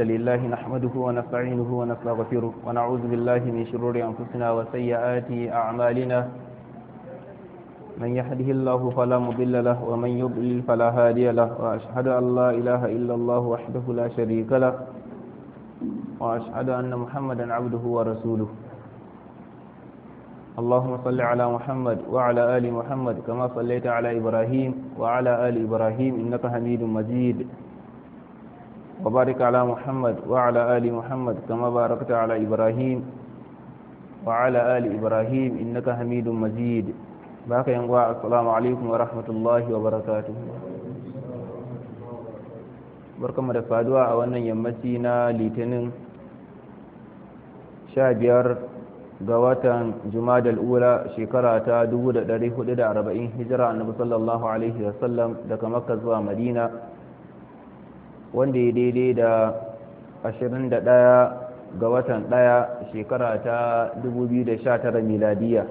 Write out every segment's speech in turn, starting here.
لله نحمده ونستعينه ونستغفره ونعوذ بالله من شرور أنفسنا وسيئات أعمالنا من يهده الله فلا مضل له ومن يضلل فلا هادي له وأشهد أن لا إله إلا الله وحده لا شريك له وأشهد أن محمدا عبده ورسوله اللهم صل على محمد وعلى آل محمد كما صليت على إبراهيم وعلى آل إبراهيم إنك حميد مجيد وبارك على محمد وعلى آل محمد كما باركت على إبراهيم وعلى آل إبراهيم إنك حميد مجيد باك ينقوى السلام عليكم ورحمة الله وبركاته barkanmu da faduwa a wannan yammaci na litinin 15 ga watan jumadal ula shekara ta 1440 hijira annabi sallallahu alaihi wasallam daga makka zuwa madina wanda ya daidai da 21 ga watan ɗaya shekara ta 2019 miladiya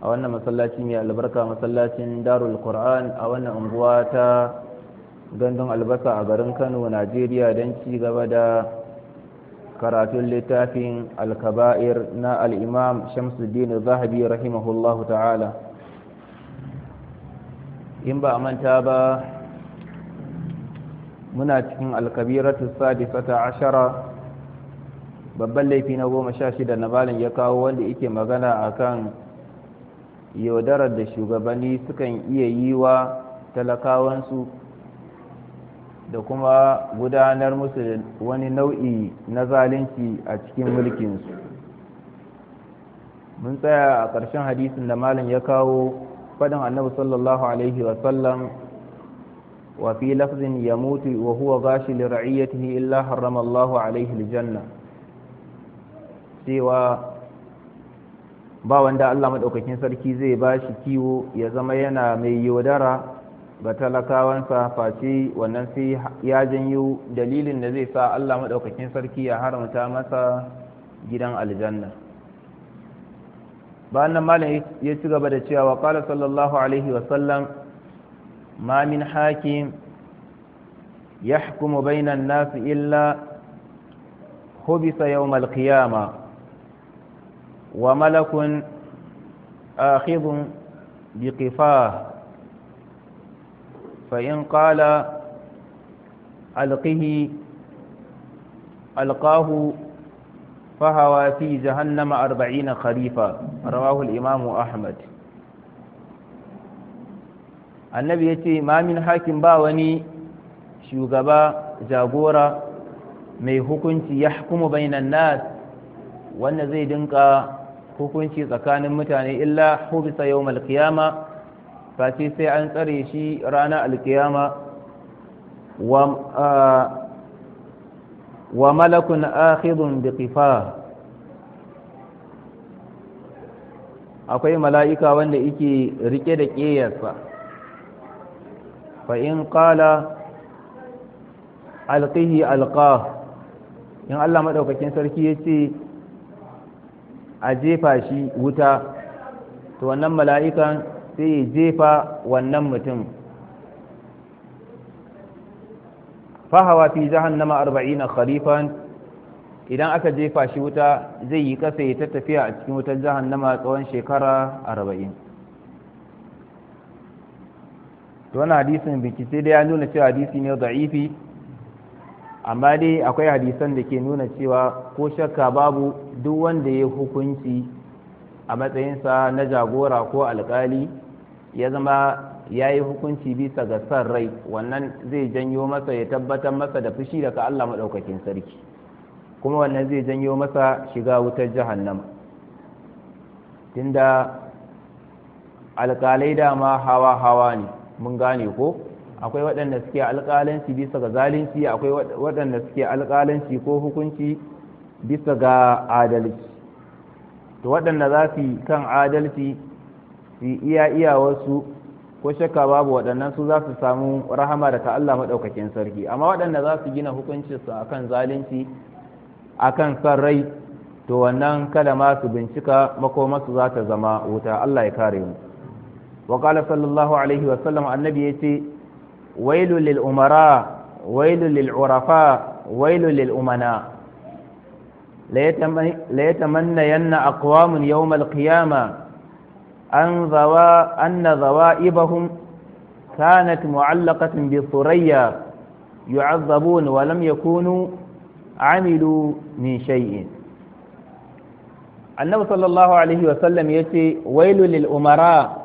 a wannan masallaci mai albarka masallacin darul qur'an a wannan unguwa ta gandun albasa a garin kano najeriya don ci gaba da karatun littafin alkaba'ir na al'imam shamsuddin zahabi rahimahullahu ta'ala in ba a manta ba muna cikin alkabiratu sadisata ashara babban laifi na goma sha shida na malin ya kawo wanda yake magana akan yaudarar da shugabanni sukan iya yi wa talakawansu da kuma gudanar musu wani nau'i na zalunci a cikin mulkinsu mun tsaya a ƙarshen hadisin da malam ya kawo faɗin annabi sallallahu alaihi wasallam وفي لفظ يموت وهو غاش لرعيته إلا illa الله عليه الجنة سوى ba wanda Allah maɗaukakin sarki zai ba shi kiwo ya zama yana mai yaudara ga talakawansa face wannan sai ya janyo dalilin da zai sa Allah maɗaukakin sarki ya haramta masa gidan aljanna bayan nan malam ya ci gaba da cewa wa sallallahu alaihi wasallam ما من حاكم يحكم بين الناس إلا خبث يوم القيامة وملك آخذ بقفاه فإن قال ألقه ألقاه فهوى في جهنم أربعين خريفا رواه الإمام أحمد annabi ya ce mamin hakim ba wani shugaba jagora mai hukunci ya hukumu bainan nas wanda zai dinka hukunci tsakanin mutane illa hubisa yau malkiyama face sai an tsare shi rana alkiyama wa malakun akhidun bi akwai mala'ika wanda yake rike da ƙeyarsa fa'in ƙala alƙihi alƙa in Allah maɗaukakin sarki ya ce a jefa shi wuta to wannan mala'ikan sai ya jefa wannan mutum fahawa fi jahannama arba'ina kharifan idan aka jefa shi wuta zai yi kasa ya ta tafiya a cikin wutar jahannama tsawon shekara arba'in to wannan hadisin bincike dai ya nuna cewa hadisi ne da'ifi amma dai akwai hadisan da ke nuna cewa ko shakka babu duk wanda ya hukunci a matsayinsa na jagora ko alkali ya zama ya yi hukunci bisa ga san rai wannan zai janyo masa ya tabbatar masa da fushi daga Allah maɗaukakin sarki kuma wannan zai janyo masa shiga wutar jahannama tunda alkalai dama hawa-hawa ne mun gane ko akwai waɗanda suke alƙalanci bisa ga zalunci akwai waɗanda suke alƙalanci ko hukunci bisa ga adalci to waɗanda za su kan adalci su iya iya wasu ko shakka babu waɗannan su za su samu rahama daga Allah maɗaukakin sarki amma waɗanda za su gina hukuncinsu akan zalunci akan san rai to wannan kada ma su bincika makomarsu za ta zama wuta Allah ya kare mu وقال صلى الله عليه وسلم عن النبي يتي ويل للأمراء ويل للعرفاء ويل للأمناء ليتمنين أقوام يوم القيامة أن, ذوا أن ذوائبهم كانت معلقة بثريا يعذبون ولم يكونوا عملوا من شيء النبي صلى الله عليه وسلم يتي ويل للأمراء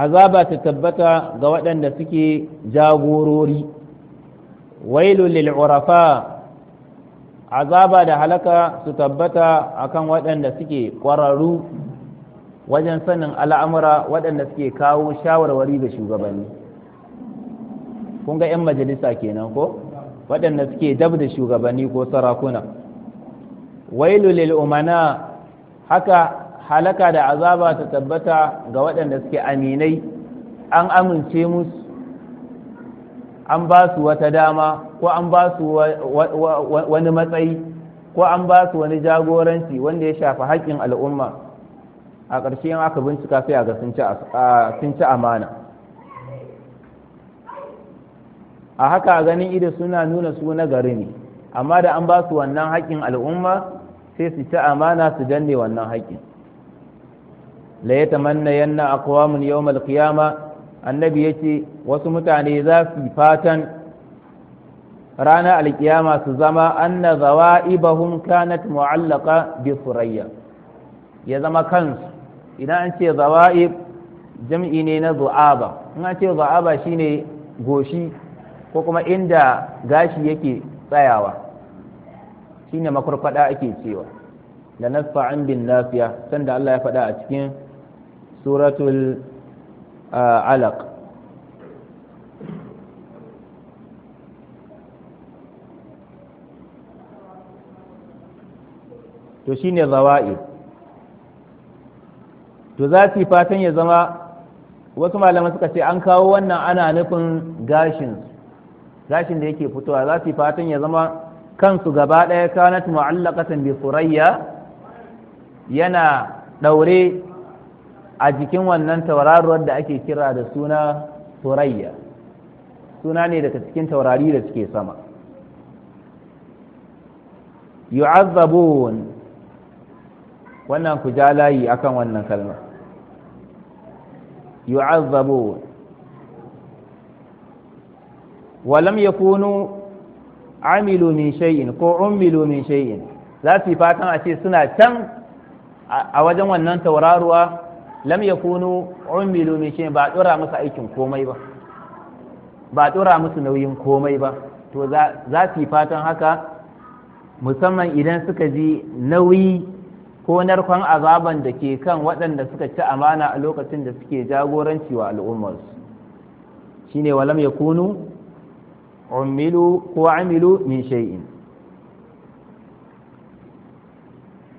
azaba ta tabbata ga waɗanda suke jagorori wailu lil urafa azaba da halaka su tabbata akan waɗanda suke ƙwararru wajen sanin al'amura waɗanda suke kawo shawarwari ga shugabanni kun ga 'yan majalisa kenan ko waɗanda suke dab da shugabanni ko sarakuna wailu lil umana haka halaka da azaba ta tabbata ga waɗanda suke aminai an amince musu an ba su wata dama ko an ba su wani matsayi ko an ba su wani jagoranci wanda ya shafi haƙƙin al'umma a ƙarshe yin aka bincika sai a ga sun ci amana a haka ganin ido suna nuna su na gari ne amma da an ba su wannan haƙƙin al'umma sai su ci amana su danne wannan haƙƙin la ya tamanna yanna aqwamun yawmal qiyama annabi yace wasu mutane za su fatan ranar alkiyama su zama anna zawa'ibahum kanat mu'allaqa bi furayya ya zama kansu idan an ce zawa'ib jam'i ne na zu'aba in an ce zu'aba shine goshi ko kuma inda gashi yake tsayawa shine makurfada ake cewa da nasfa'an bin nafiya sanda Allah ya faɗa a cikin suratul العلق uh, to shine zawa'i to za su fatan ya zama wasu malamai suka ce an kawo wannan ana nufin gashin gashin da yake fitowa za su fatan ya zama kansu gaba ɗaya kanat mu'allaqatan bi surayya yana ɗaure a jikin wannan tauraruwar da ake kira da suna surayya suna ne daga cikin taurari da suke sama yu'azzabun wannan ku ja layi akan wannan kalmar yu'azzabun walam ya kunu amilu min shay'in ko ummilu min shay'in za su yi fatan a ce suna can a wajen wannan tauraruwa lam yakunu umilu mai ce ba dora musu aikin komai ba ba dora musu nauyin komai ba to za su yi fatan haka musamman idan suka ji nauyi ko narkon azaban da ke kan waɗanda suka ci amana a lokacin da suke jagoranci wa al'ummarsu shine walam yakunu umilu ko amilu min shay'in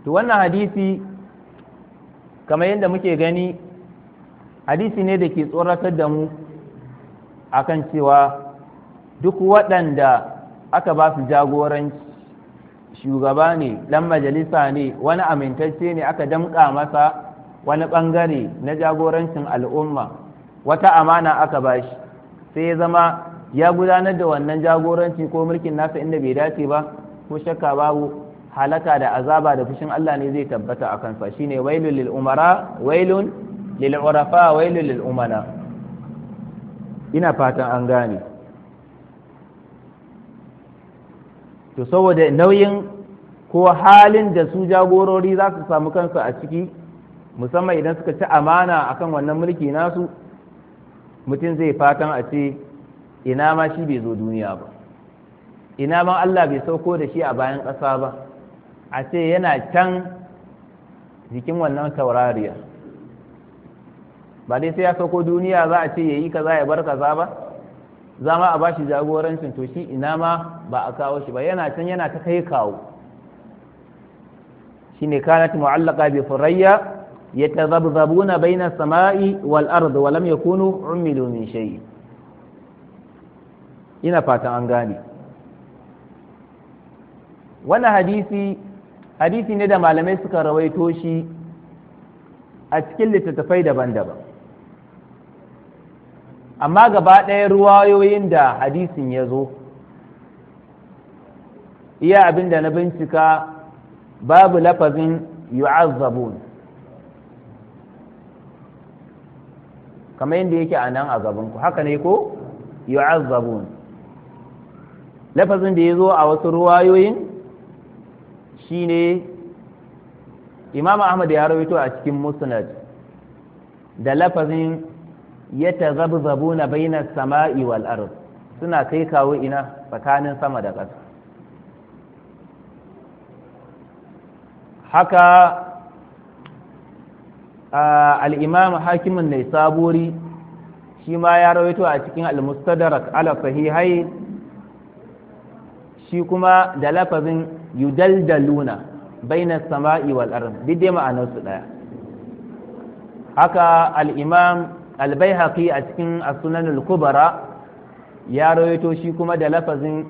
to wannan hadisi kamar yadda muke gani hadisi ne da ke tsoratar da mu akan cewa duk waɗanda aka ba su jagoranci shugaba ne ɗan majalisa ne wani amintacce ne aka damƙa masa wani ɓangare na jagorancin al'umma wata amana aka ba shi sai ya zama ya gudanar da wannan jagoranci ko mulkin nasa inda bai dace ba ko shakka babu halaka da azaba da fushin Allah ne zai tabbata a kansa shine ne lil umara wailun lil urafa wailul lil umana ina fatan an gane to saboda nauyin ko halin da su jagorori za su samu kansu a ciki musamman idan suka ci amana akan wannan mulki nasu mutum zai fatan a ce ina ma shi bai zo duniya ba ina ma Allah bai sauko da shi a bayan ƙasa ba a ce yana can jikin wannan taurariya ba dai sai ya sauko duniya za a ce ya yi kaza ya bar kaza ba za ma a ba shi jagorancin to shi ina ma ba a kawo shi ba yana can yana ta kai kawo shi ne kanat mu'allaka bi furayya yatazabzabuna baina samai wal ard wa lam yakunu umilu min shay ina fatan an gane wannan hadisi hadisi ne da malamai suka rawaito shi a cikin littattafai daban-daban amma gaba ɗaya ruwayoyin da hadisin ya zo iya abin da na bincika babu lafazin yu'azzabun kamar yadda yake a nan a gabanku haka ne ko yu'azzabun lafazin da ya zo a wasu ruwayoyin shine imam ahmad ya rawaito a cikin musnad da lafazin ya tazabzabu na baina sama'i wal ard suna kai kawo ina tsakanin sama da ƙasa haka al'imam hakimin ne shima shi ma ya rawaito a cikin al-mustadrak ala sahihai shi kuma da lafazin yudaldaluna baina sama'i wal duk dai ma'anar su daya haka al-imam al-baihaqi a cikin as-sunan kubara ya rawaito shi kuma da lafazin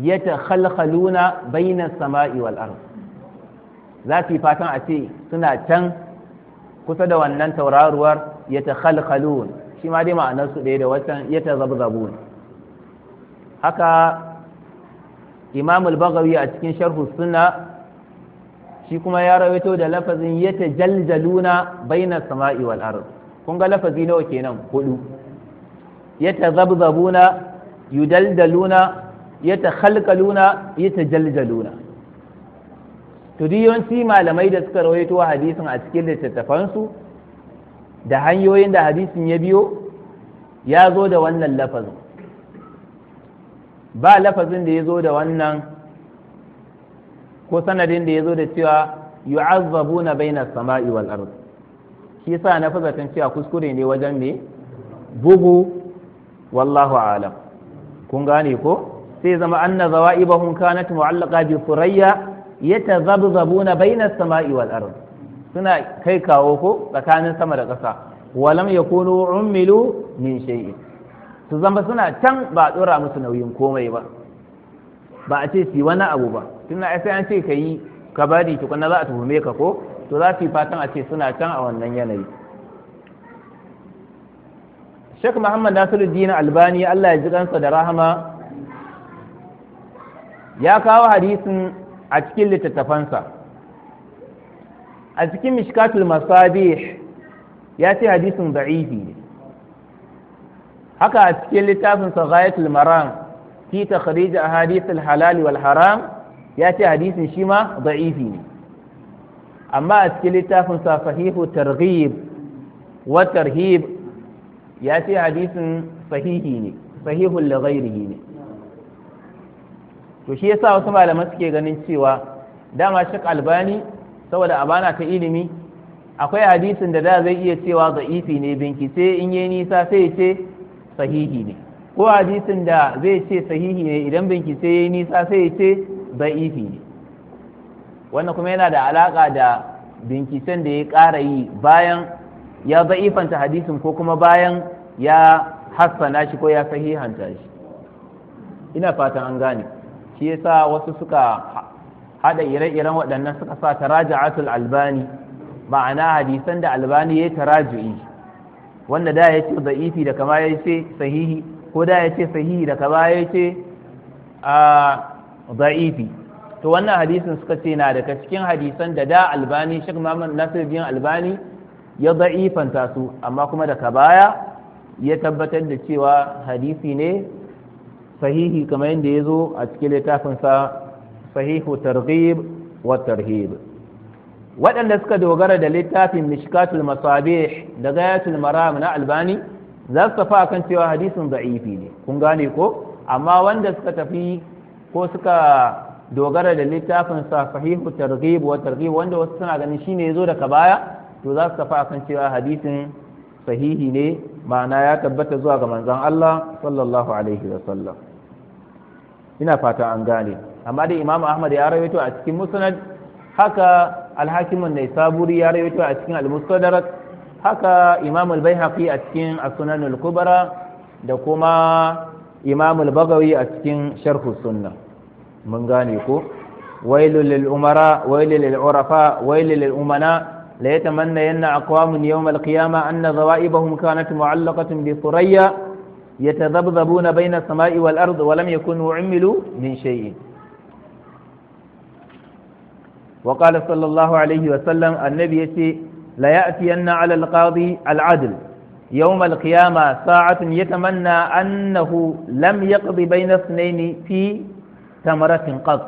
yatakhalkhaluna baina sama'i wal ard za su yi fatan a ce suna can kusa da wannan tauraruwar yatakhalkhalun shi ma dai ma'anar su ɗaya da watan yatazabzabun haka imam al-baghawi a cikin sharhu sunna shi kuma ya rawaito da lafazin yatajaljaluna bainas sama'i wal ard kun ga lafazi nawa kenan hudu yatazabzabuna yudaldaluna yatakhalqaluna yatajaljaluna to yawanci malamai da suka rawaito hadisin a cikin littattafansu da hanyoyin da hadisin ya biyo ya zo da wannan lafazin ba lafazin da ya zo da wannan ko sanadin da ya zo da cewa na baina sama'i wal ard shi yasa na fazatan cewa kuskure ne wajen me bugu wallahu alam kun gane ko sai zama anna zawa'ibahum kanat mu'allaqa bi furayya na baina sama'i wal ard suna kai kawo ko tsakanin sama da ƙasa walam yakunu ummilu min shay'in su zama suna can ba a ɗora musu nauyin komai ba ba a ce su wani abu ba tun na sai an ce ka yi ka bari tukuna za a tuhume ka ko to za su yi fatan a ce suna can a wannan yanayi Sheikh Muhammad Nasiruddin Albani Allah ya ji kansa da rahama ya kawo hadisin a cikin littattafansa a cikin mishkatul masabih ya ce hadisin da'ifi ne haka a cikin littafin sa ghayatul maram fi takhrij ahadith al halal wal haram ya ce hadisin shi ma da'ifi ne amma a cikin littafin sa sahihu targhib wa tarhib ya ce hadisin sahihi ne li ghairihi ne to shi yasa wasu malamai suke ganin cewa dama shak albani saboda abana ta ilimi akwai hadisin da da zai iya cewa za'ifi ne bincike in yi nisa sai ya ce sahihi ne ko hadisin da zai ce sahihi ne idan bincike ya yi nisa sai ya ce da'ifi ne wannan kuma yana da alaka da binciken da ya ƙara yi bayan ya za'ifanta hadisin ko kuma bayan ya hassana shi ko ya sahihanta shi ina fatan an gane shi yasa wasu suka hada ire-iren waɗannan suka sa taraja'atul albani ma'ana hadisan da albani ya yi taraju'i wanda da ya ce za'ifi da kama ya ce sahihi ko da ya ce sahihi da kama ya ce a to wannan hadisin suka ce na daga cikin hadisan da da albani shek muhammad nasir bin albani ya da'ifanta su amma kuma daga baya ya tabbatar da cewa hadisi ne sahihi kamar yadda ya zo a cikin littafinsa sahihu targhib wa tarhib waɗanda suka dogara da littafin mishkatul masabih da gayatul maram na albani za su tafi akan cewa hadisin za'ifi ne kun gane ko amma wanda suka tafi ko suka dogara da littafin sa sahihu targhib wa targhib wanda wasu suna ganin shine zo daga baya to za su tafi akan cewa hadisin sahihi ne ma'ana ya tabbata zuwa ga manzon Allah sallallahu alaihi wa sallam ina fata an gane amma dai Imam Ahmad ya rawaito a cikin Musnad haka alhakimun nai saburi ya rawaito a cikin al-mustadrak haka imam al-baihaqi a cikin as-sunan al da kuma imam al-bagawi a cikin sharhu sunna mun gane ko wailul lil umara wailul lil urafa wailul lil umana la yatamanna aqwamun yawm al-qiyamah anna dhawaibahum kanat mu'allaqatan bi thuriyya yatadhabdhabuna bayna baina samai wal arzi wa lam yakunu 'imilu min shay'in wa qala sallallahu alaihi wa sallam annabi yace la ya'tiyanna 'ala al-qadi al-'adl يوم القيامة ساعة يتمنى أنه لم يقضي بين اثنين في تمرة قط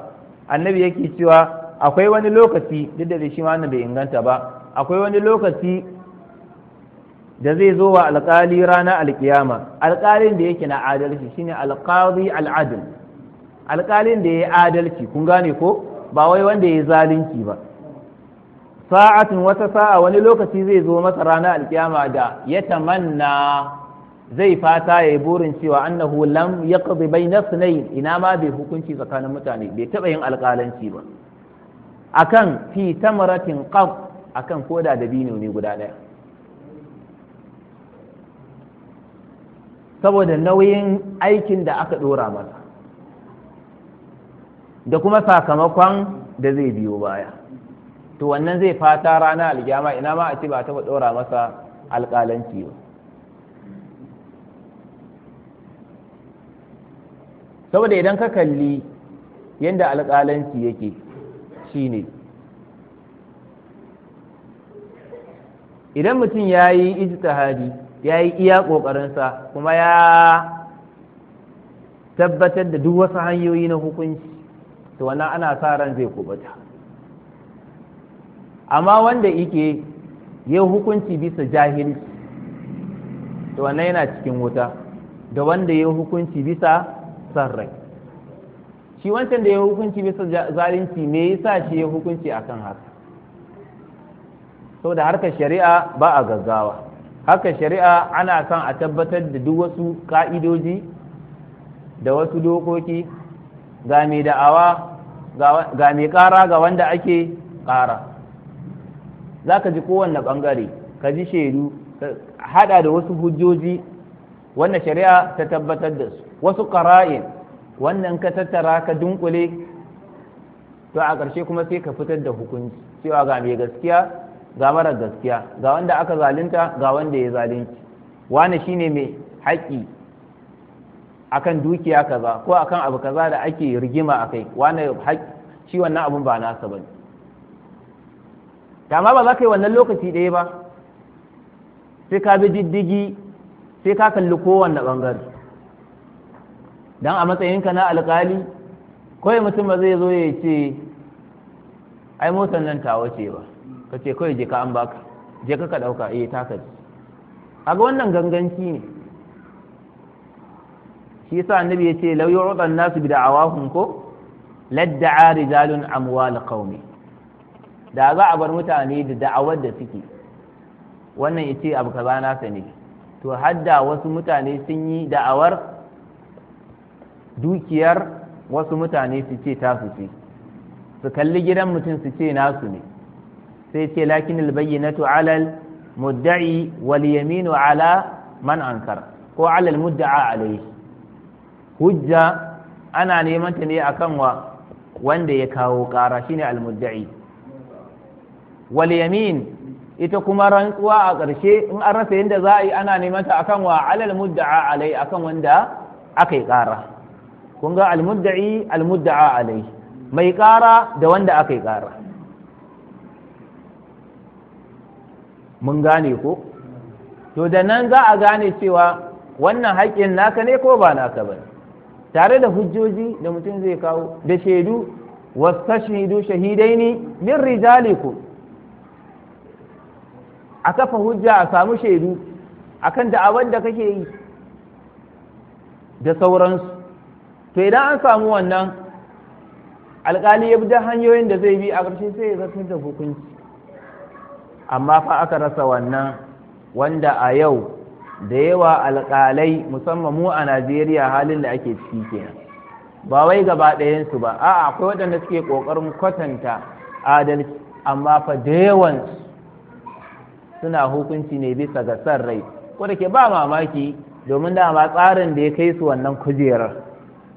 النبي yake cewa akwai wani lokaci duk da shi ma bai inganta ba akwai wani lokaci da zai zo wa alƙali ranar alƙiyama alƙalin da yake na adalci shine alƙadi al'adil alƙalin da ya adalci kun gane ko ba wai wanda ya zalunci ba sa'atin wata sa'a wani lokaci zai zo masa ranar alkiyama da ya tamanna zai fata ya yi burin cewa annahu lam ya bai na ina ma bai hukunci tsakanin mutane bai taɓa yin alƙalanci ba akan fi tamaratin qab akan koda da bino ne guda ɗaya saboda nauyin aikin da aka ɗora masa da kuma sakamakon da zai biyo baya to wannan zai fata rana aljama ina ma a ce ba taɓa ɗora masa alƙalanci ba saboda idan ka kalli yadda alƙalanci yake shine idan mutum ya yi ijtihadi ya yi iya ƙoƙarinsa kuma ya tabbatar da duk wasu hanyoyi na hukunci to wannan ana sa ran zai kubuta amma wanda yake ya hukunci bisa jahilci to wannan yana cikin wuta da wanda ya hukunci bisa san rai shi wancan da ya hukunci bisa zalunci me yasa shi ya hukunci akan haka saboda harkar shari'a ba a gaggawa haka shari'a ana son a tabbatar da duk wasu ka'idoji da wasu dokoki ga mai da'awa ga mai ƙara ga wanda ake ƙara za ka ji kowanne ɓangare ka ji shaidu haɗa da wasu hujjoji wanda shari'a ta tabbatar da su wasu ƙara'in wannan ka tattara ka dunkule to a ƙarshe kuma sai ka fitar da hukunci cewa ga mai gaskiya ga marar gaskiya ga wanda aka zalunta ga wanda ya zalunci wane shine mai haƙƙi akan dukiya kaza ko akan abu kaza da ake rigima a akai wani shi wannan abun ba nasa ba da ma ba za ka yi wannan lokaci ɗaya ba sai ka bi diddigi sai ka kalli kowanne ɓangare don a matsayinka na alkali kawai mutum ba zai zo ya ce ai motsan nan ta wace ba ka ce kawai je ka an baka je ka ka ɗauka eh taka ce a ga wannan ganganci ne shi yasa annabi ya ce lau yu'ta an-nasu bi da'awahum ko ladda'a rijalun amwal qaumi da za a bar mutane da da'awar da suke wannan yace abu kaza nasa ne to hadda wasu mutane sun yi da'awar dukiyar wasu mutane su ce tasu ce su kalli gidan mutum su ce nasu ne sai ce lakin albayyinatu alal mudda'i wal yaminu ala man ankar ko alal mudda'a alayhi hujja ana neman ta ne akan wa wanda ya kawo ƙara shine almudda'i wal yamin ita kuma rantsuwa a ƙarshe in an rasa yadda za a yi ana neman ta akan wa alal mudda'a alai akan wanda aka yi ƙara kun ga almudda'i almudda'a alai mai ƙara da wanda aka yi ƙara mun gane ko to da nan za a gane cewa wannan haƙƙin naka ne ko ba naka ba ne tare da hujjoji da mutum zai kawo da shaidu wasu shahidai shahidaini min rijaliku. a kafa hujja a samu shaidu akan da'awar da kake yi da sauransu to idan an samu wannan alkali ya bi hanyoyin da zai bi a ƙarshe sai ya zartar da hukunci amma fa aka rasa wannan wanda a yau da yawa alƙalai musamman mu a najeriya halin da ake ciki kenan ba wai gaba ɗayansu ba a'a akwai waɗanda suke ƙoƙarin kwatanta adalci amma fa da yawan suna hukunci ne bisa ga san rai ko da ke ba mamaki domin dama tsarin da ya kai su wannan kujerar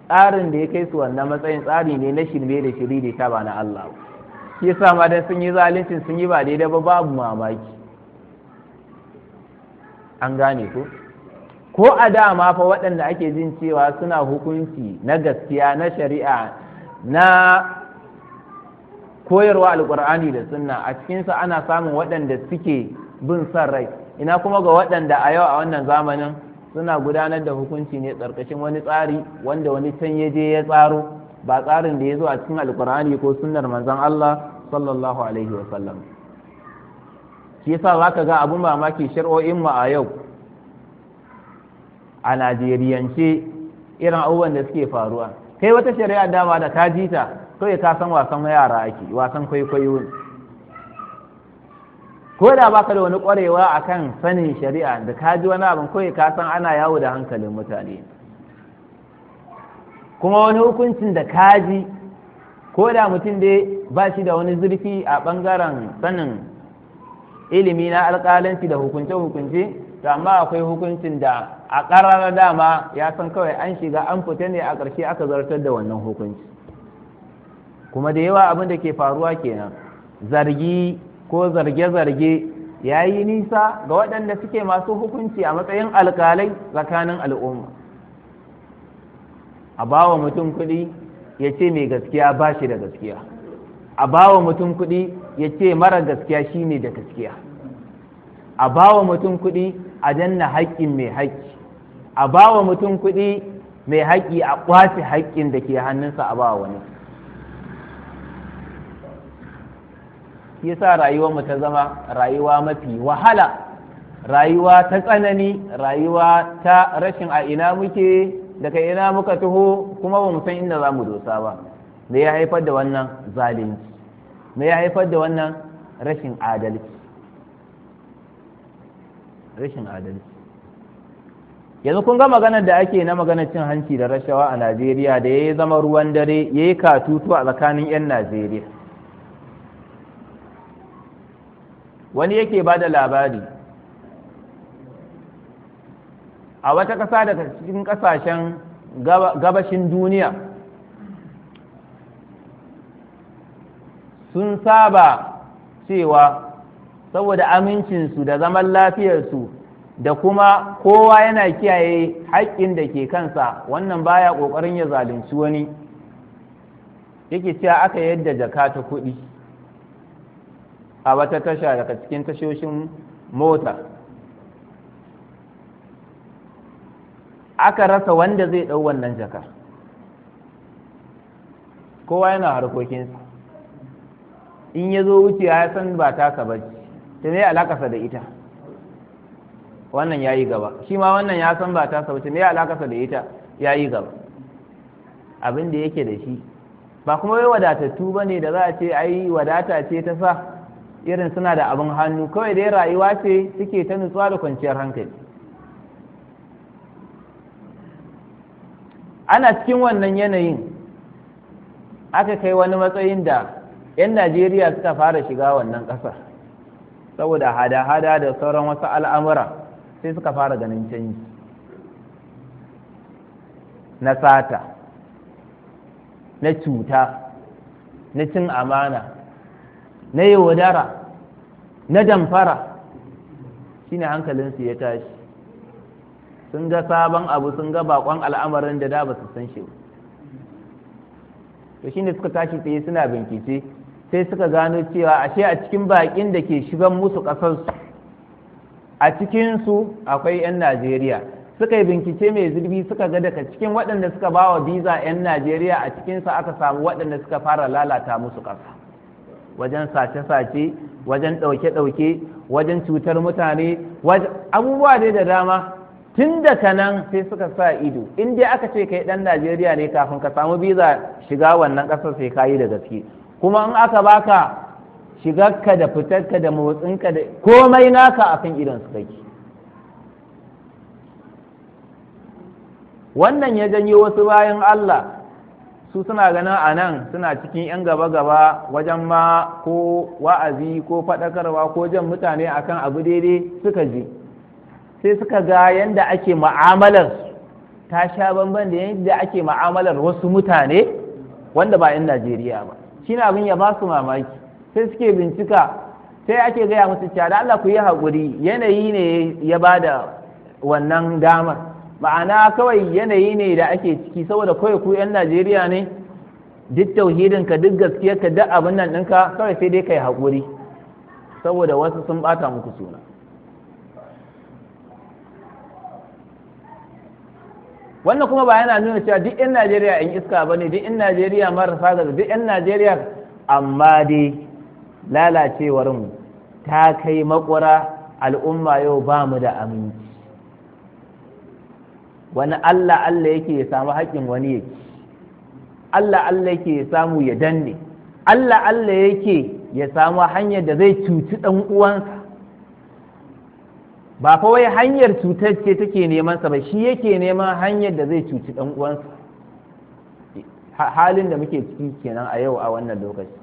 tsarin da ya kai su wannan matsayin tsari ne na shirme da shiri da ta ba na Allah shi yasa ma dan sun yi zalincin sun yi ba daidai ba babu mamaki an gane ko ko a dama fa waɗanda ake jin cewa suna hukunci na gaskiya na shari'a na koyarwa alƙur'ani da sunna a cikinsa ana samun waɗanda suke bin son rai ina kuma ga waɗanda a yau a wannan zamanin suna gudanar da hukunci ne tsarkashin wani tsari wanda wani can ya je ya tsaro ba tsarin da ya zo a cikin alƙur'ani ko sunnar manzon Allah sallallahu alaihi wa sallam shi yasa za ka ga abin mamaki shar'o'in mu a yau a najeriyance irin abubuwan da suke faruwa kai wata shari'a dama da ka ji ta kawai ka san wasan yara ake wasan kwaikwayo ko da baka da wani kwarewa kan sanin shari'a da ka ji wani abin kawai ka san ana yawo da hankalin mutane kuma wani hukuncin da ka ji ko da mutum dai ba shi da wani zurfi a ɓangaren sanin ilimi na alƙalanci da hukunce-hukunce to amma akwai hukuncin da a ƙarar dama ya san kawai an shiga an fita ne a ƙarshe aka zartar da wannan hukunci kuma da yawa abin da ke faruwa kenan zargi ko zarge-zarge ya yi nisa ga waɗanda suke masu hukunci a matsayin alƙalai tsakanin al'umma a bawa mutum kuɗi ya ce mai gaskiya ba shi da gaskiya a bawa mutum kuɗi ya ce mara gaskiya shine da gaskiya a bawa mutum kuɗi a danna haƙƙin mai haƙƙi a bawa mutum kuɗi mai haƙƙi a ƙwace haƙƙin da ke hannunsa a bawa wani yasa rayuwar mu ta zama rayuwa mafi wahala rayuwa ta tsanani rayuwa ta rashin a ina muke daga ina muka taho kuma ba mu san inda za mu dosa ba da ya haifar da wannan zalunci me ya haifar da wannan rashin adalci rashin adalci yanzu kun ga maganar da ake na maganar cin hanci da rashawa a najeriya da ya zama ruwan dare ya yi katutu a tsakanin 'yan najeriya wani yake ba da labari a wata ƙasa daga cikin ƙasashen gabashin duniya sun saba cewa saboda amincinsu da zaman lafiyarsu da kuma kowa yana kiyaye haƙƙin da ke kansa wannan baya ƙoƙarin ya zalunci wani yake cewa aka yadda jaka ta kuɗi a wata tasha daga cikin tashoshin mota aka rasa wanda zai ɗau wannan jaka kowa yana harkokinsa in ya zo wuce ya san ba tasa ba ta me alakasa da ita wannan ya yi gaba shi ma wannan ya san ba tasa ba ta me alakasa da ita ya yi gaba abin da yake da shi ba kuma wai wadatattu ba ne da za a ce ai wadata ce ta sa irin suna da abin hannu kawai dai rayuwa ce suke ta nutsuwa da kwanciyar hankali ana cikin wannan yanayin aka kai wani matsayin da 'yan najeriya suka fara shiga wannan ƙasar saboda hada-hada da sauran wasu al'amura sai suka fara ganin canji na sata na cuta na cin amana na yaudara na damfara shine hankalinsu ya tashi sun ga sabon abu sun ga bakon al'amarin da da ba su san shi ba to shine suka tashi tsaye suna bincike sai suka gano cewa ashe a cikin baƙin da ke shigan musu ƙasarsu a cikinsu akwai 'yan najeriya suka yi bincike mai zurbi suka ga daga cikin waɗanda suka ba wa biza 'yan najeriya a cikinsu aka samu waɗanda suka fara lalata musu ƙasa wajen sace-sace wajen ɗauke-ɗauke wajen cutar mutane abubuwa dai da dama tun daga nan sai suka sa ido in dai aka ce kai ɗan najeriya ne kafin ka samu biza shiga wannan ƙasar sai ka yi da gaske kuma in aka baka shigarka da fitarka da motsinka da komai naka akan idan su kake wannan ya janyo wasu bayan Allah su suna ganin a nan suna cikin 'yan gaba-gaba wajen ma ko wa'azi ko faɗakarwa ko jan mutane akan abu daidai suka ji sai suka ga yadda ake ma'amalar ta sha bamban da yadda ake ma'amalar wasu mutane wanda ba 'yan najeriya ba shi abin ya ba su mamaki sai suke bincika sai ake gaya musu cewa da Allah ku yi hakuri yanayi ne ya ba da wannan damar ma'ana kawai yanayi ne da ake ciki saboda kawai ku 'yan Najeriya ne duk tauhidin ka duk gaskiyar ka duk abin nan ɗinka kawai sai dai kai hakuri saboda wasu sun bata muku suna wannan kuma ba yana nuna cewa duk 'yan najeriya 'yan iska ba ne duk 'yan najeriya marasa gaza duk 'yan najeriya amma dai lalacewar mu ta kai makwara al'umma yau ba mu da aminci wani allah allah yake ya samu haƙƙin wani yake allah allah yake ya samu ya danne allah allah yake ya samu hanyar da zai cuci ɗan uwansa ba fa wai hanyar cutar ce take neman sa ba shi yake neman hanyar da zai cuci dan uwansa halin da muke ciki kenan a yau a wannan lokaci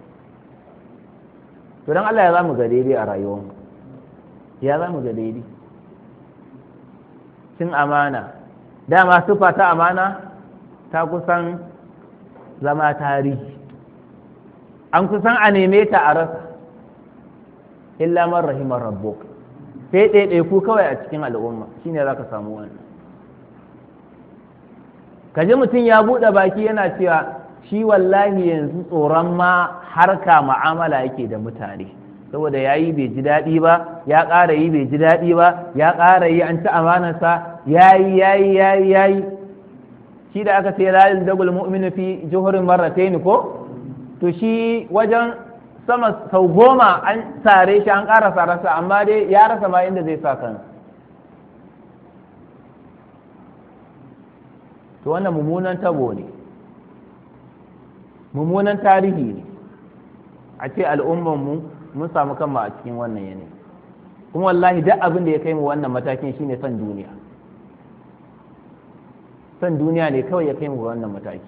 to dan Allah ya zamu ga daidai a rayuwar ya zamu ga daidai cin amana dama sufa ta amana ta kusan zama tarihi an kusan a neme ta a rasa illa man rahimar rabbuk sai ɗaiɗai ku kawai a cikin al'umma shine za ka samu wannan ka ji mutum ya buɗe baki yana cewa shi wallahi yanzu tsoron ma harka ma'amala yake da mutane saboda ya yi bai ji daɗi ba ya ƙara yi bai ji daɗi ba ya ƙara yi an ci amanarsa ya yi ya yi ya yi ya yi shi da aka sai lalin dagul mu'minu fi juhurin marataini ko to shi wajen sama sau goma an sare shi an ƙara sararsa amma dai ya rasa ma inda zai sa kansa to wannan mummunan tabo ne mummunan tarihi ne a ce al'ummanmu mun samu kanmu a cikin wannan yanayi kuma wallahi duk abin da ya kai mu wannan matakin shine son duniya son duniya ne kawai ya kai mu wannan mataki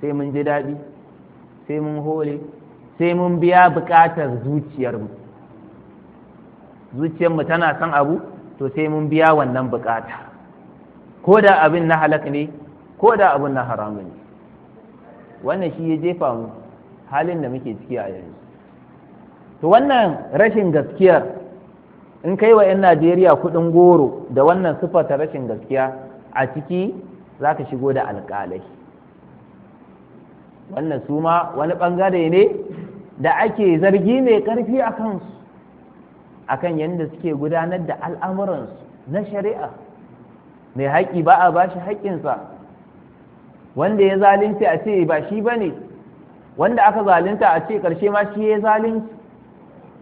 sai mun ji daɗi sai mun hore sai mun biya buƙatar zuciyarmu zuciyarmu tana son abu to sai mun biya wannan buƙata ko da abin na halak ne ko da abin na haramu ne wannan shi ya jefa mu halin da muke ciki a yanzu to wannan rashin gaskiyar in kai wa 'yan najeriya kuɗin goro da wannan siffata rashin gaskiya a ciki za ka shigo da alƙalai wannan su ma wani ɓangare ne da ake zargi mai ƙarfi a kansu A kan yadda suke gudanar da al'amuransu na shari'a mai haƙi ba a bashi haƙƙinsa wanda ya zalunci a ce ba shi ba ne wanda aka zalunta a ce ƙarshe ma shi ya zalunci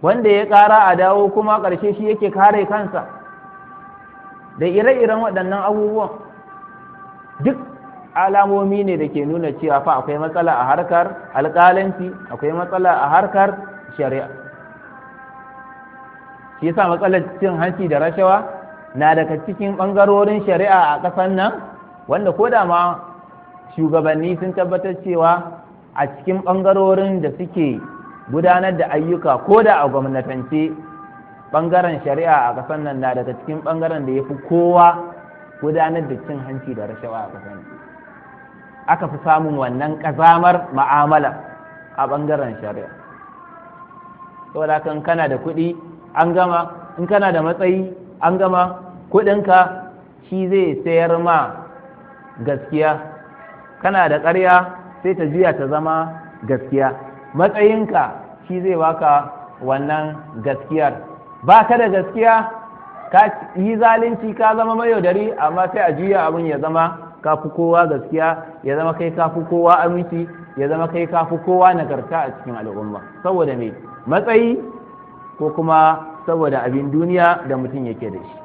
wanda ya ƙara a dawo kuma ƙarshe shi yake kare kansa da ire-iren waɗannan abubuwan duk alamomi ne da ke nuna cewa fa akwai matsala a harkar alƙalanci akwai matsala a harkar shari'a shi yasa matsalar cin hanci da rashawa na daga cikin ɓangarorin shari'a a ƙasar nan wanda ko da ma shugabanni sun tabbatar cewa a cikin ɓangarorin da suke gudanar da ayyuka ko da a gwamnatance ɓangaren shari'a a ƙasar nan na daga cikin ɓangaren da ya fi kowa gudanar da cin hanci da rashawa a ƙasar nan aka fi samun wannan ƙazamar ma'amala a ɓangaren shari'a saboda kan kana da kuɗi an gama in kana da matsayi an gama kuɗinka shi zai sayar ma gaskiya kana da ƙarya sai ta juya ta zama gaskiya matsayinka shi zai baka wannan gaskiyar ba ka da gaskiya ka yi zalunci ka zama mayaudari amma sai a juya abin ya zama ka kowa gaskiya ya zama kai ka kowa aminci ya zama kai ka kowa nagarta a cikin al'umma saboda me matsayi ko kuma saboda abin duniya da mutum yake da shi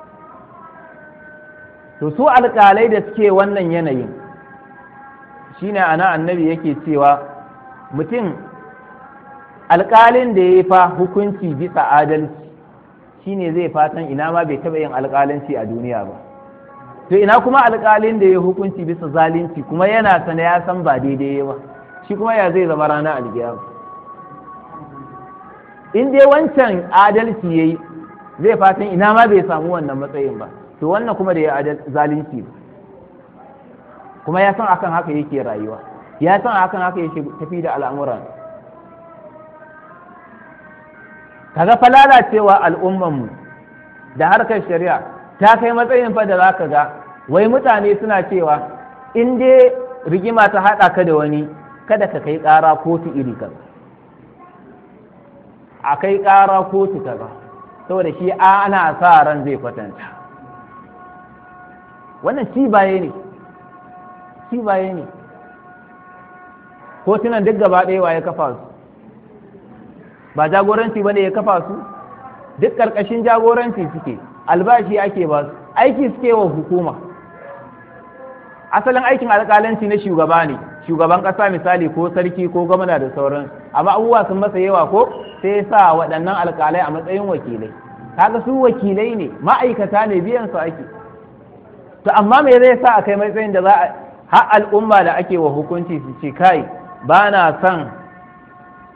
to su alƙalai da suke wannan yanayin shine ana annabi yake cewa mutum alƙalin da ya yi fa hukunci bisa adalci shine zai fatan ina ma bai taɓa yin alƙalanci a duniya ba to ina kuma alƙalin da ya hukunci bisa zalunci kuma yana sana ya san ba daidai ba shi kuma ya zai zama rana alkiyama in dai wancan adalci yayi zai fatan ina ma bai samu wannan matsayin ba to wannan kuma da ya zalunci ba kuma ya san akan haka yake rayuwa ya san akan haka yake tafi da al'amuran kaga falala lalacewa al'ummanmu da harkar shari'a ta kai matsayin fa da za ka ga wai mutane suna cewa in dai rigima ta haɗa ka da wani kada ka kai ƙara kotu iri kaza a kai ƙara kotu kaza saboda shi ana sa ran zai kwatanta wannan ci baye ne ci baye ne kotunan duk gaba ɗaya ya kafa su ba jagoranci ba ne ya kafa su duk ƙarƙashin jagoranci suke albashi ake ba su aiki suke wa hukuma asalin aikin alkalanci na shugaba ne shugaban ƙasa misali ko sarki ko gwamna da sauran amma abubuwa sun masa yawa ko sai sa waɗannan alkalai a matsayin wakilai kaga su wakilai ne ma'aikata ne biyan su ake to amma me zai sa a kai matsayin da za a har al'umma da ake wa hukunci su ce kai ba na son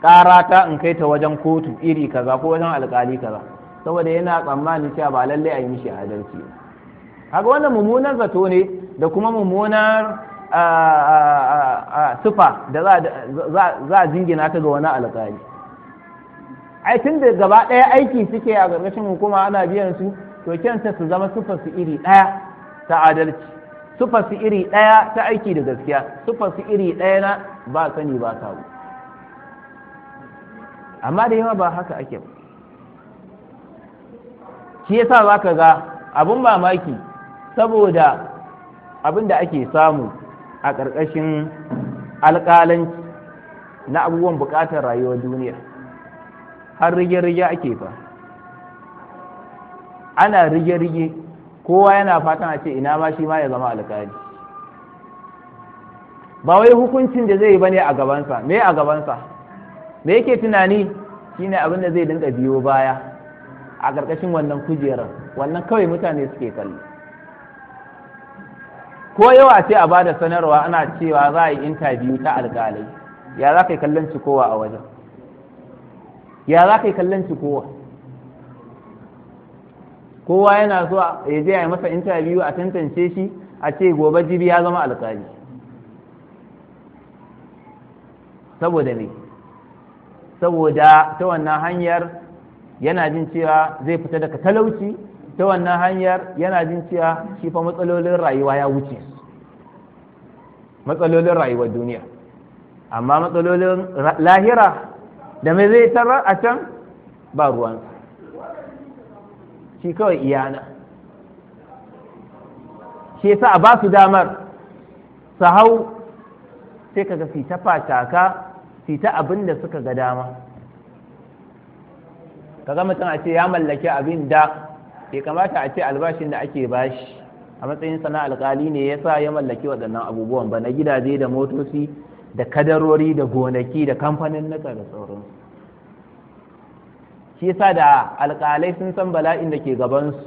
ƙarata in kai ta wajen kotu iri kaza ko wajen alƙali kaza saboda yana tsammanin cewa ba lalle a yi mishi adalci ba haka wannan mummunan zato ne da kuma mummunar sufa da za a jingina ta ga wani alƙali ai tun da gaba ɗaya aiki suke a ƙarƙashin hukuma ana biyan su to kyanta su zama sufa su iri ɗaya ta adalci sufa su iri ɗaya ta aiki da gaskiya sufa su iri ɗaya na ba sani ba sabu amma da yawa ba haka ake ba shi yasa za ka ga abin mamaki saboda abin da ake samu a ƙarƙashin alƙalanci na abubuwan buƙatar rayuwar duniya har rige-rige ake fa ana rige-rige kowa yana fatan a ce ina ma shi ma ya zama alƙali ba wai hukuncin da zai yi bane a gabansa me a gabansa me yake tunani shine abin da zai dinka biyo baya a ƙarƙashin wannan kujerar wannan kawai mutane suke kallo ko yawa ce a bada sanarwa ana cewa za a yi intabiyu ta alƙalai ya za ka yi kallon kowa a wajen ya za ka yi kallon kowa kowa yana so ya je a yi masa intabiyu a tantance shi a ce gobe jibi ya zama alƙali saboda ne saboda ta wannan hanyar yana jin cewa zai fita daga talauci ta wannan hanyar yana jin cewa shi fa matsalolin rayuwa ya wuce matsalolin rayuwar duniya amma matsalolin lahira da mai zai tarar a can ba ruwansa shi kawai iyana shi yasa a ba su damar su hau sai ga fita fataka fita abin da suka ga dama ka ga mutum a ce ya mallaki abin da ke kamata a ce albashin da ake bashi a matsayin sana alkali ne ya sa ya mallaki waɗannan abubuwan ba na gidaje da motoci da kadarori da gonaki da kamfanin naka da sauransu shi yasa da alkalai sun san bala'in da ke gabansu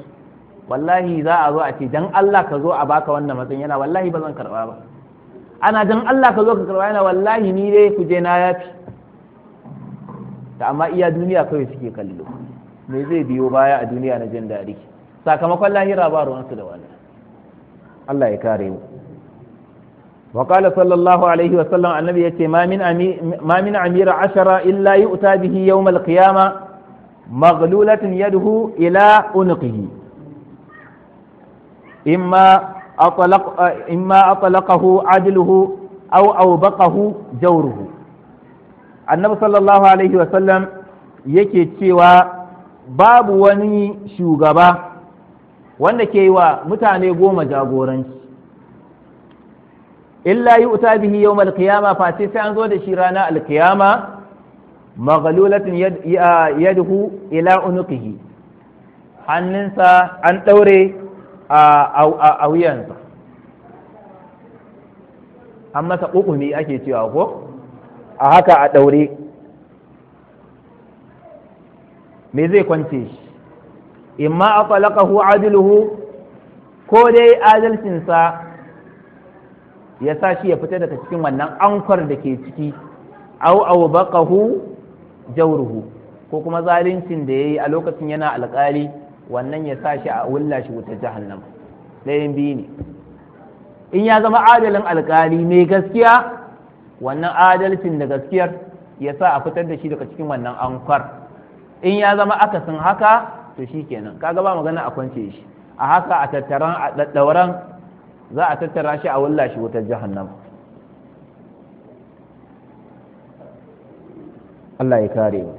wallahi za a zo a ce dan Allah ka zo a baka wannan matsayin yana wallahi ba zan karba ba ana dan Allah ka zo ka karba yana wallahi ni dai ku je na yafi da amma iya duniya kawai suke kallo me zai biyo baya a duniya na jin daɗi sakamakon lahira ba ruwansu da wannan Allah ya kare mu wa qala sallallahu alaihi wa sallam annabi yace ma min ma min amira ashara illa yu'ta bihi yawm al-qiyama maghlulatan yaduhu ila unqihi imma أطلق إما أطلقه عدله أو أوبقه جوره annabi sallallahu alaihi wasallam yake cewa babu wani shugaba wanda ke yi wa mutane goma jagoranci illa yi uta bihi yau malkiyama face sai an zo da shi rana alkiyama maghalulatin yadhu ila unuqihi hannunsa an ɗaure a wuyansa an masa ƙuƙumi ake cewa ko a haka a ɗaure me zai kwance shi imma a falakahu adiluhu ko dai adalcinsa ya sa shi ya fita daga cikin wannan ankwar da ke ciki au au baqahu jawruhu ko kuma zalincin da ya yi a lokacin yana alƙali wannan ya sa shi a wulla shi wuta jahannam ɗayan biyu ne in ya zama adalin alƙali mai gaskiya wannan adalcin da gaskiyar ya sa a fitar da shi daga cikin wannan ankwar in ya zama akasin haka to shi kenan kaga ba magana a kwance shi a haka a tattaran a daddauran za a tattara shi a wulla shi wutar jahannama Allah ya kare mu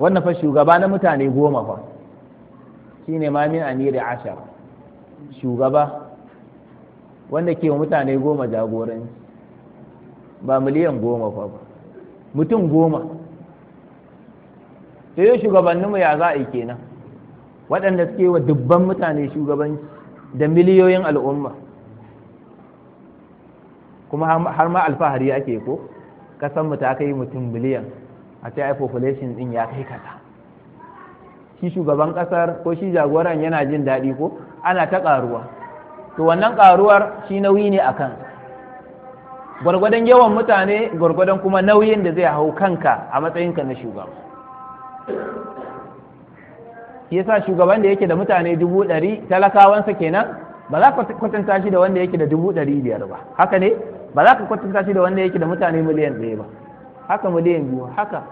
wannan fa shugaba na mutane goma fa shine mamin, min amiri ashar shugaba wanda ke mutane goma jagoranci ba miliyan goma fa ba mutum goma sai shugabanninmu ya za a yi kenan waɗanda suke wa dubban mutane shugabanci da miliyoyin al'umma kuma har ma alfahari ake ko kasanmu ta kai mutum miliyan a ce ai population din ya kai kasa shi shugaban kasar ko shi jagoran yana jin daɗi ko ana ta ƙaruwa to wannan karuwar shi nauyi ne a kan gwargwadon yawan mutane gwargwadon kuma nauyin da zai hau kanka a matsayinka na shugaba yasa shugaban da yake da mutane dubu ɗari talakawansa kenan ba za ka kwatanta shi da wanda yake da dubu ɗari biyar ba haka ne ba za ka kwatanta shi da wanda yake da mutane miliyan ɗaya ba haka miliyan biyu haka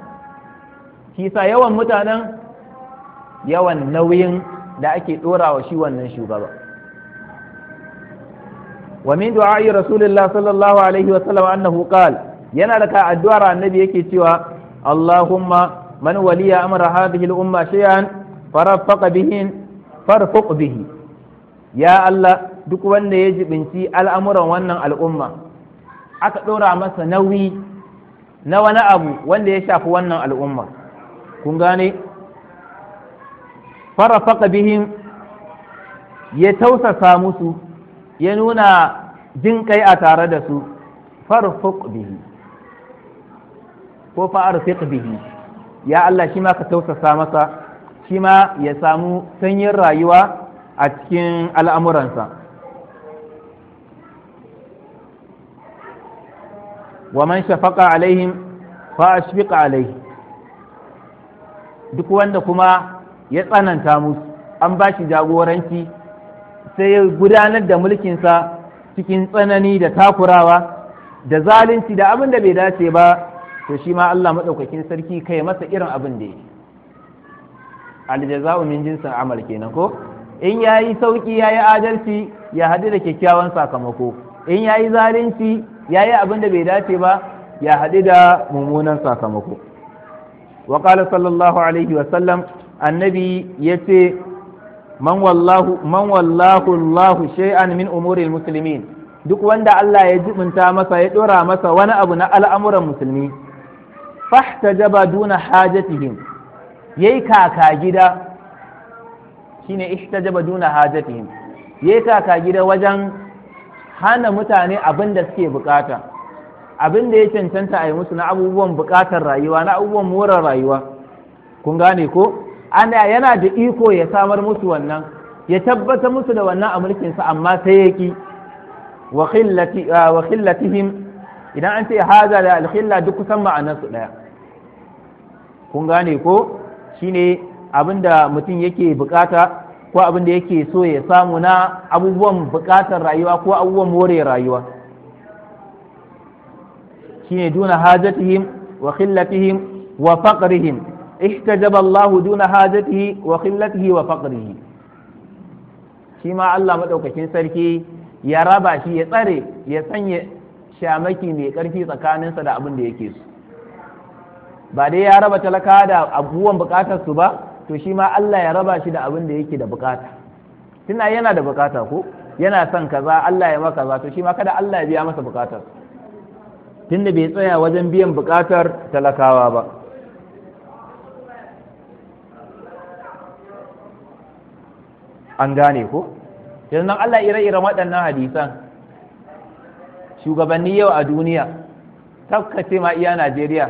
shi sa yawan mutanen yawan nauyin da ake ɗora wa shi wannan shugaba wa min du'a'i rasulillah sallallahu alaihi wa sallam annahu qala yana daga addu'ar annabi yake cewa Allahumma man waliya amra hadhihi al-umma shay'an farafaq bihi farfuq bihi ya Allah duk wanda ya jibinci al'amuran wannan al'umma aka ɗora masa nauyi na wani abu wanda ya shafi wannan al'umma kun gane farafaq bihim ya tausasa musu ya nuna jin kai a tare da su farfuk bihi ko fa'arfiq bihi ya Allah shi ma ka tausasa masa shi ma ya samu sanyin rayuwa a cikin al'amuransa wa man shafaqa alaihim fa ashfiq alaihi duk wanda kuma ya tsananta musu an ba shi jagoranci sai ya gudanar da mulkinsa cikin tsanani da takurawa da zalunci da abin da bai dace ba to shi ma Allah maɗaukakin sarki kai masa irin abin da yake min jinsin amal kenan ko in yayi sauki yayi adalci ya haɗu da kyakkyawan sakamako in yayi zalunci yayi abin da bai dace ba ya haɗu da mummunan sakamako wa qala sallallahu alaihi wa sallam annabi yace man wallahu man wallahu shay'an min umuril muslimin duk wanda Allah ya jibinta masa ya dora masa wani abu na al'amuran musulmi fahtajaba duna hajatihim yayi kaka gida shine ihtajaba duna hajatihim yayi kaka gida wajen hana mutane abin da suke bukata abin da ya cancanta a yi musu na abubuwan bukatar rayuwa na abubuwan more rayuwa kun gane ko ana yana da iko ya samar musu wannan ya tabbata musu da wannan a mulkinsa amma sai ya ki wa ah, khillatihim idan an ce haza da alkhilla duk kusan ma'anar su daya kun gane ko shine abinda mutum yake bukata ko abinda yake so ya samu na abubuwan bukatar rayuwa ko abubuwan more rayuwa shine duna hajatihim wa khillatihim wa faqrihim ihtajaba Allahu duna hajatihi wa khillatihi wa faqrihi shi ma Allah madaukakin sarki ya raba shi ya tsare ya sanya shamaki mai karfi sa da abin da yake so ba dai ya raba talaka da abubuwan bukatar su ba to shi ma Allah ya raba shi da abin da yake da bukata tuna yana da bukata ko yana son kaza Allah ya maka kaza to shi ma kada Allah ya biya masa bukatar tunda bai tsaya wajen biyan bukatar talakawa ba an gane ko yanzu Allah ire-iren waɗannan hadisan shugabanni yau a duniya tabkace ma iya Najeriya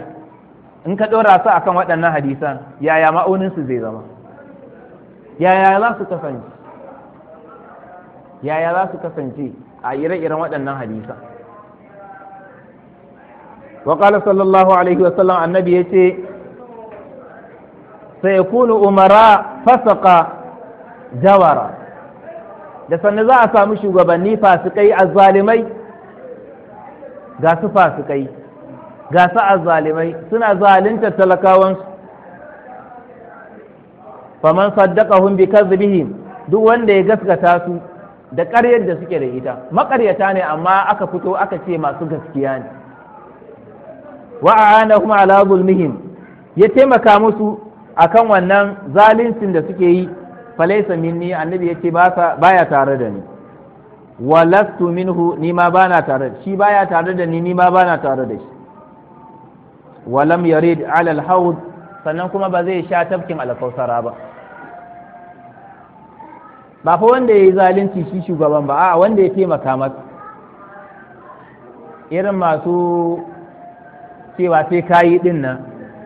in ka ɗora su akan waɗannan hadisan yaya ma'auninsu zai zama yaya za su kasance yaya za su kasance a ire-iren waɗannan hadisan qala sallallahu alaihi wa sallam annabi yace sayakunu umara فسقا jawara da sannan za a samu shugabanni fasikai azzalimai ga su fasikai ga su azzalimai suna zalunta talakawansu faman saddaqahum bi kadhibihim duk wanda ya gaskata su da ƙaryar da suke da ita maƙaryata ne amma aka fito aka ce masu gaskiya ne wa'ana kuma ala zulmihim ya taimaka musu akan wannan zaluncin da suke yi falaisa minni annabi yace ba baya tare da ni wa lastu minhu ni ma bana tare da shi baya tare da ni ni ma bana tare da shi wa lam yarid ala alhawd sannan kuma ba zai sha tafkin alkausara ba ba fa wanda ya yi zalunci shi shugaban ba a wanda ya taimaka masa irin masu cewa sai kayi din nan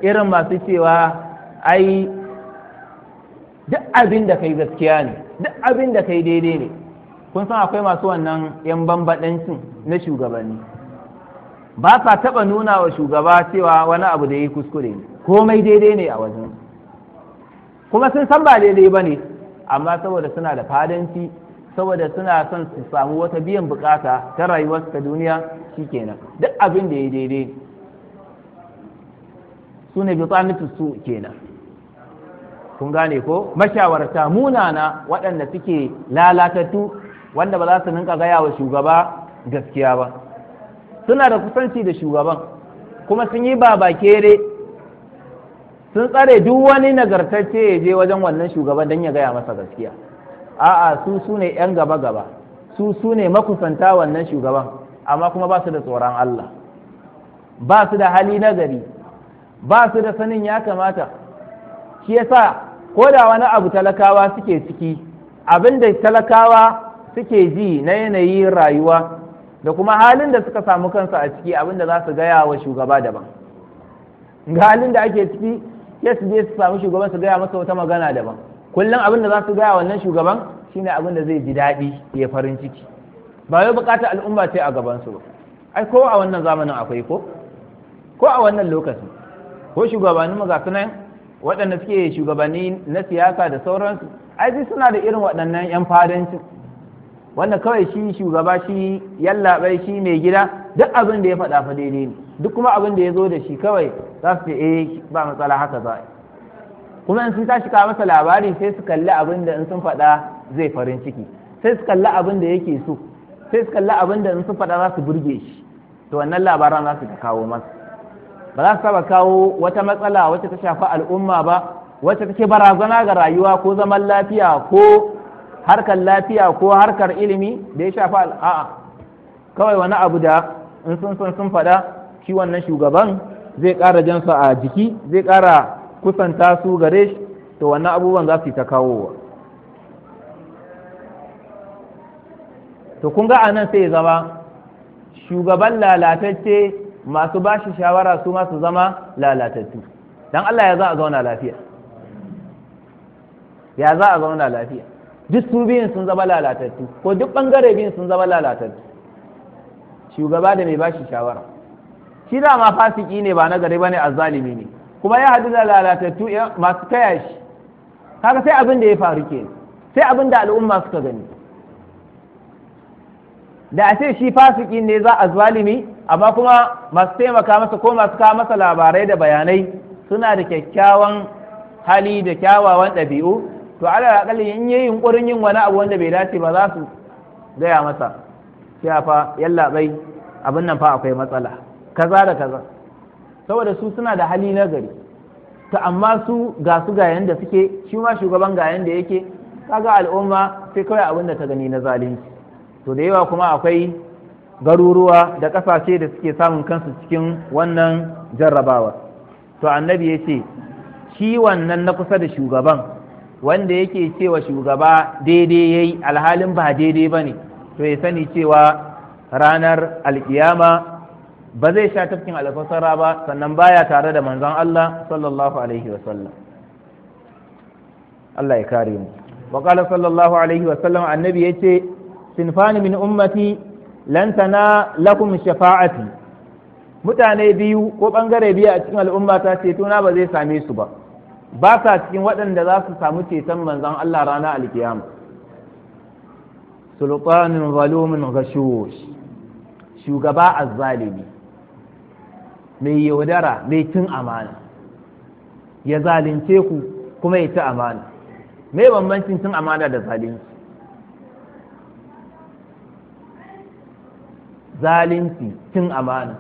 irin masu cewa ai duk abin da kai gaskiya ne duk abin da kai daidai ne kun san akwai masu wannan yan bambadancin na shugabanni ba sa taɓa nuna wa shugaba cewa wani abu da ya yi kuskure ne komai daidai ne a wajen kuma sun san ba daidai ba ne amma saboda suna da fadanci saboda suna son su samu wata biyan bukata ta rayuwarsu ta duniya shikenan duk abin da ya daidai su ne bi su kenan kun gane ko mashawarta munana waɗanda suke lalatattu wanda ba za su ninka gaya wa shugaba gaskiya ba suna da kusanci da shugaban kuma sun yi babakere sun tsare duk wani nagartacce ya je wajen wannan shugaban don ya gaya masa gaskiya a'a su su ne 'yan gaba gaba su su ne makusanta wannan shugaban amma kuma ba su da tsoron Allah ba su da hali nagari ba su da sanin ya kamata shi yasa ko da wani abu talakawa suke ciki abin da talakawa suke ji na yanayi rayuwa da kuma halin da suka samu kansu a ciki abin da za su gaya wa shugaba daban ga halin da ake ciki ya su je su samu shugaban su gaya masa wata magana daban kullum abin da za su gaya wannan shugaban shine abin da zai ji daɗi ya farin ciki ba wai buƙatar al'umma ce a gabansu ba ai ko a wannan zamanin akwai ko ko a wannan lokacin ko shugabannin maga sunan waɗanda suke shugabanni na siyasa da sauransu ai suna da irin waɗannan 'yan fadancin wanda kawai shi shugaba shi yallaɓai shi mai gida duk abin da ya faɗa fa daidai ne duk kuma abin da ya zo da shi kawai za su ce eh ba matsala haka za kuma in sun tashi kawo masa labari sai su kalli abin da in sun faɗa zai farin ciki sai su kalli abin da yake so sai su kalli abin da in sun faɗa za su burge shi to wannan labaran za su kawo masa ba za su saba kawo wata matsala wacce ta shafi al'umma ba wacce take barazana ga rayuwa ko zaman lafiya ko harkar lafiya ko harkar ilimi da ya shafi al'a'a kawai wani abu da in sun sun sun faɗa shi wannan shugaban zai ƙara jansa a jiki zai ƙara kusanta su gare shi to wannan abubuwan za su yi ta kawowa to kun ga anan sai zama shugaban lalatacce masu ba shi shawara su masu zama lalatattu don Allah ya za a zauna lafiya ya za a zauna lafiya duk su biyun sun zama lalatattu ko duk bangare biyun sun zama lalatattu shugaba da mai ba shi shawara shi ma fasiki ne ba na gari a zalimi ne kuma ya hadu da lalatattu masu taya shi kaga sai abin da ya faru ke sai abin da al'umma suka gani da a ce shi fasiki ne za a zalimi amma kuma masu taimaka masa ko masu kawo masa labarai da bayanai suna da kyakkyawan hali da kyawawan ɗabi'u to ala akalli in yi yunkurin yin wani abu wanda bai dace ba za su gaya masa ya fa yalla bai abin nan fa akwai matsala kaza da kaza saboda su suna da hali na gari ta amma su ga su ga yanda suke shi ma shugaban ga yanda yake kaga al'umma sai kawai abin da ta gani na zalunci to da yawa kuma akwai garuruwa da ƙasashe da suke samun kansu cikin wannan jarrabawa to annabi ya ce shi wannan na kusa da shugaban wanda yake cewa shugaba daidai ya yi alhalin ba daidai ba ne to ya sani cewa ranar alkiyama ba zai sha tafkin alfasara ba sannan baya tare da manzon Allah sallallahu alaihi wasallam Allah ya kare mu wa sallallahu alaihi wa sallam annabi yace sinfani min ummati lan tana lakum shafa'ati mutane biyu ko bangare biyu a cikin al'umma ta ce tuna ba zai same su ba ba sa cikin waɗanda za su samu ceton manzon Allah rana alkiyama sultanin zalumin ghashush shugaba azzalimi mai yaudara mai cin amana ya zalunce ku kuma ya ci amana me bambancin cin amana da zalunci zalunci cin amana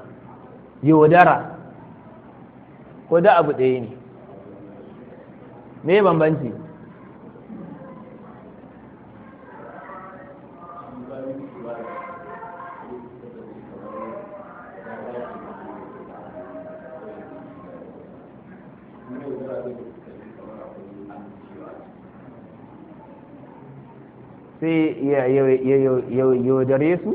yaudara ko da abu ɗaya ne me bambanci sai ya yaudare su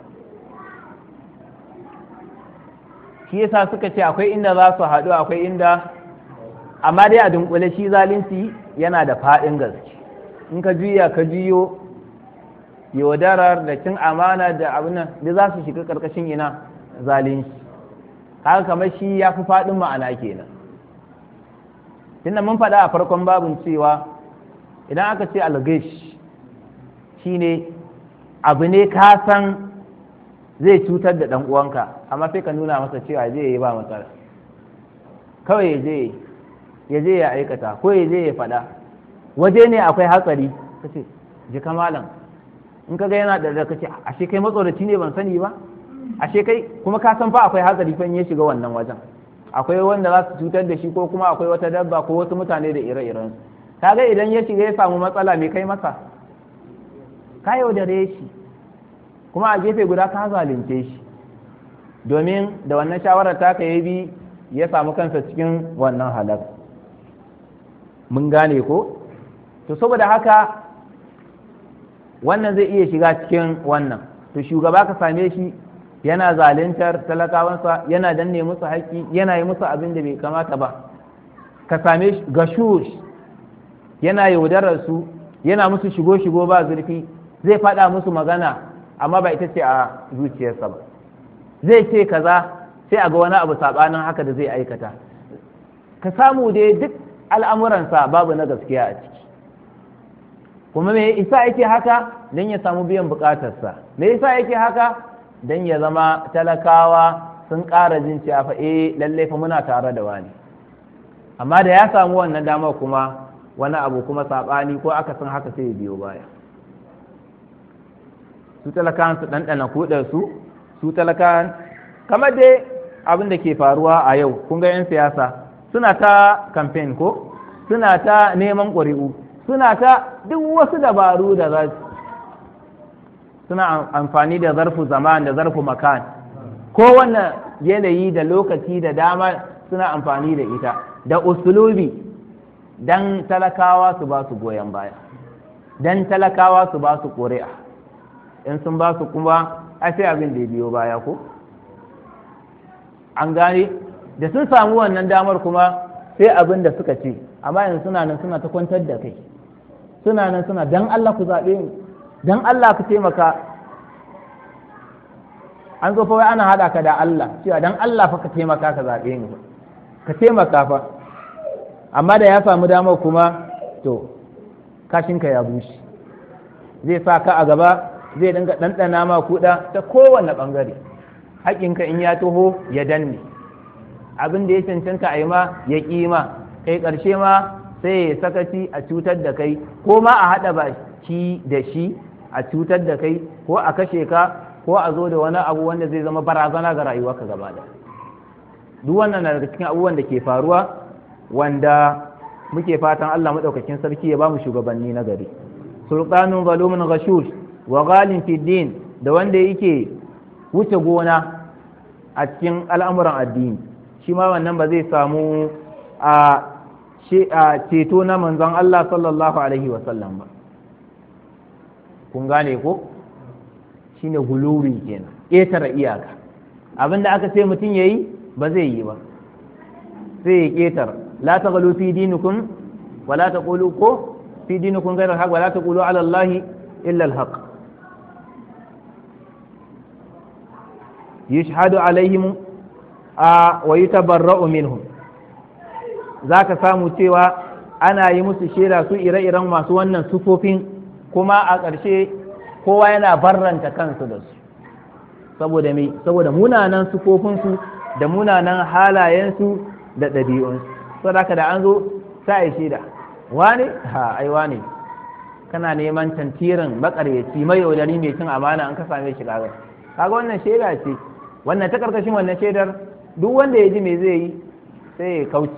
shi yasa suka ce akwai inda za su haɗu akwai inda amma dai a dunkule shi zalunci yana da faɗin gaske in ka juya ka juyo yaudarar da cin amana da abin nan da za su shiga karkashin ina zalunci haka kamar shi ya fi faɗin ma'ana kenan tunda mun faɗa a farkon babin cewa idan aka ce algish shine abu ne ka san zai cutar da ɗan uwanka amma sai ka nuna masa cewa zai yi ba matsala kawai ya je ya je ya aikata ko ya je ya faɗa waje ne akwai hatsari ka ce jika malam in ka ga yana da ka ce ashe kai matsoraci ne ban sani ba ashe kai kuma ka san fa akwai hatsari fa ya shiga wannan wajen akwai wanda za su cutar da shi ko kuma akwai wata dabba ko wasu mutane da ire-iren ka ga idan ya shiga ya samu matsala me kai masa ka yaudare shi kuma a gefe guda ka zalunce shi domin da wannan shawarar taka ya bi ya samu kansa cikin wannan halar mun gane ko to saboda haka wannan zai iya shiga cikin wannan to shugaba ka same shi yana zaluntar talakawansa yana danne musu haƙƙi yana yi musu abin da bai kamata ba ka same shi yana yaudarar su yana musu shigo-shigo ba zurfi zai faɗa musu magana amma ba ita ce a zuciyarsa ba zai ce kaza sai a ga wani abu saɓanin haka da zai aikata ka samu dai duk al'amuransa babu na gaskiya a ciki kuma me isa yake haka don ya samu biyan sa me isa yake haka don ya zama talakawa sun ƙara jin cewa fa eh lallai fa muna tare da wani amma da ya samu wannan dama kuma wani abu kuma saɓani ko aka san haka sai ya biyo baya su talakan su ɗanɗana kuɗar su su talaka kamar dai abin da ke faruwa a yau kun ga 'yan siyasa suna ta kamfen ko suna ta neman ƙuri'u suna ta duk wasu dabaru da za suna amfani da zarfu zaman da zarfu makan kowane yanayi da lokaci da dama suna amfani da ita da usulubi dan talakawa su ba su goyon baya dan talakawa su ba su ƙuri'a in sun ba su kuma ai sai abin da ya biyo baya ko an gane da sun samu wannan damar kuma sai abin da suka ce amma yanzu suna nan suna ta kwantar da kai suna nan suna dan Allah ku zaɓe ni dan Allah ku taimaka an zo fa wai ana hada ka da Allah cewa dan Allah fa ka taimaka ka zaɓe ni ka taimaka fa amma da ya samu damar kuma to kashinka ya bushe zai sa ka a gaba zai dinga ɗanɗana ma kuɗa ta kowane ɓangare haƙinka in ya taho ya danne abin da ya cancanta a yi ma ya ƙi ma kai ƙarshe ma sai ya sakaci a cutar da kai ko ma a haɗa ba shi da shi a cutar da kai ko a kashe ka ko a zo da wani abu wanda zai zama barazana ga rayuwarka gaba da duk wannan na daga cikin abubuwan da ke faruwa wanda muke fatan Allah maɗaukakin sarki ya ba mu shugabanni na gari sultanun zalumin ghashush wa fi fiddin da wanda yake wuce gona a cikin al'amuran addini shi ma wannan ba zai samu a ceto na manzon Allah sallallahu alaihi wasallam ba kun gane ko shine guluwi kenan ƙetare iyaka abinda aka ce mutum yayi ba zai yi ba sai ya ƙetare la taghlu fi dinikum wa la taqulu ko fi dinikum ghayra al-haq wa la taqulu ala allahi illa al-haq yushhadu alaihim a wa yutabarra'u minhum zaka samu cewa ana yi musu shaida su ire-iren masu wannan sufofin kuma a ƙarshe kowa yana barranta kansu da su saboda me saboda munanan sufofinsu da munanan halayensu da ɗabi'unsu saboda da an zo sa a wane ha ai wane kana neman tantirin makaryaci mai yaudari mai cin amana an ka same shi kaga kaga wannan shaida ce wannan ta karkashin wannan shaidar duk wanda ya ji me zai yi sai ya kauce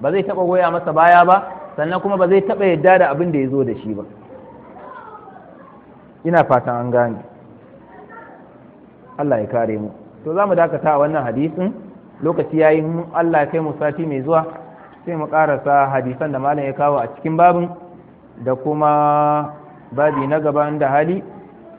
ba zai taɓa goya masa baya ba sannan kuma ba zai taba yadda da abin da ya zo da shi ba ina fatan an gane Allah ya kare mu to za mu dakata a wannan hadisin lokaci ya yi Allah ya kai mu sati mai zuwa sai mu karasa hadisan da malam ya kawo a cikin babin da kuma babi na gaba da hali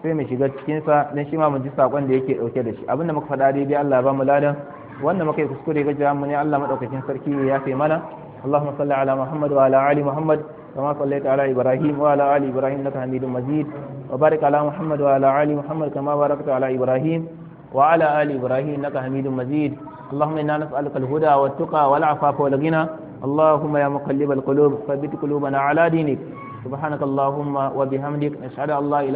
sai mu shiga cikinsa don shi ma mu ji sakon da yake ɗauke da shi abinda muka faɗa daidai Allah ba mu ladan wanda muka yi kuskure ga mu ne Allah madaukakin sarki ya yafe mana Allahumma salli ala Muhammad wa ala ali Muhammad kama sallaita ala Ibrahim wa ala ali Ibrahim naka Hamidum Majid wa barik ala Muhammad wa ala ali Muhammad kama barakta ala Ibrahim wa ala ali Ibrahim innaka Hamidum Majid اللهم إنا نسألك الهدى والتقى والعفاف والغنى اللهم يا مقلب القلوب ثبت قلوبنا على دينك سبحانك اللهم وبحمدك نشهد الله إله